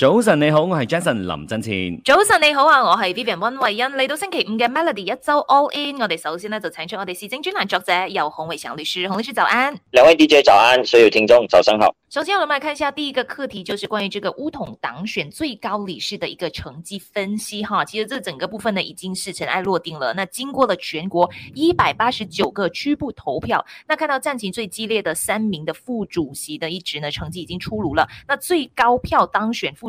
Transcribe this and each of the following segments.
早晨你好，我係 Jason 林振前。早晨你好啊，我係 Vivian 溫慧欣。嚟到星期五嘅 Melody 一周 All In，我哋首先呢，就請出我哋市政專欄作者姚洪偉祥律師，洪律師早安。兩位 DJ 早安，所有聽眾早上好。首先我們嚟睇下第一個課題，就是關於這個巫統黨選最高理事的一個成績分析哈。其實這整個部分呢，已經是塵埃落定了。那經過了全國一百八十九個區部投票，那看到戰情最激烈的三名的副主席的一職呢，成績已經出爐了。那最高票當選副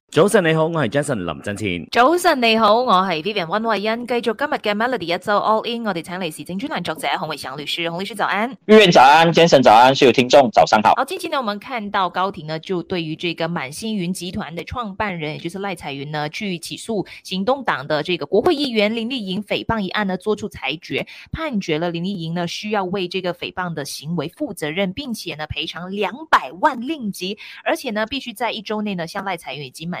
早晨你好，我係 Jason 林振前。早晨你好，我係 Vivian 溫慧欣。繼續今日嘅 Melody 一周 All In，我哋請嚟時政專欄作者洪偉祥律師，洪律師早安。玉燕早安，Jason 早安，所有聽眾早上好。好，近期呢，我們看到高庭呢，就對於這個滿星雲集團的創辦人，也就是賴彩雲呢，去起訴行動黨的這個國會議員林麗瑩誹謗一案呢，作出裁決，判決了林麗瑩呢，需要為這個誹謗的行為負責任，並且呢，賠償兩百萬令吉，而且呢，必須在一周內呢，向賴彩雲以及滿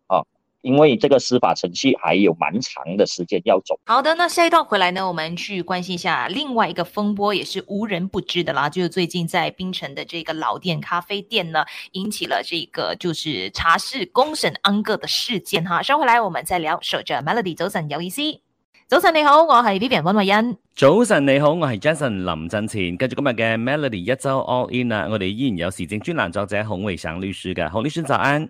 因為這個司法程序還有蠻長的時間要走。好的，那下一段回來呢，我們去關心一下另外一個風波，也是無人不知的啦，就最近在檳城的這個老店咖啡店呢，引起了這個就是茶室公審安哥的事件哈。收回來，我們再聊。守着 Melody，早晨，有意思。早晨你好，我係 Vivian 溫慧欣。早晨你好，我是 Jason 林振前。跟着今日嘅 Melody 一周 All In 啊，我哋依然有時政專欄作者孔維祥律師嘅，孔律師早安。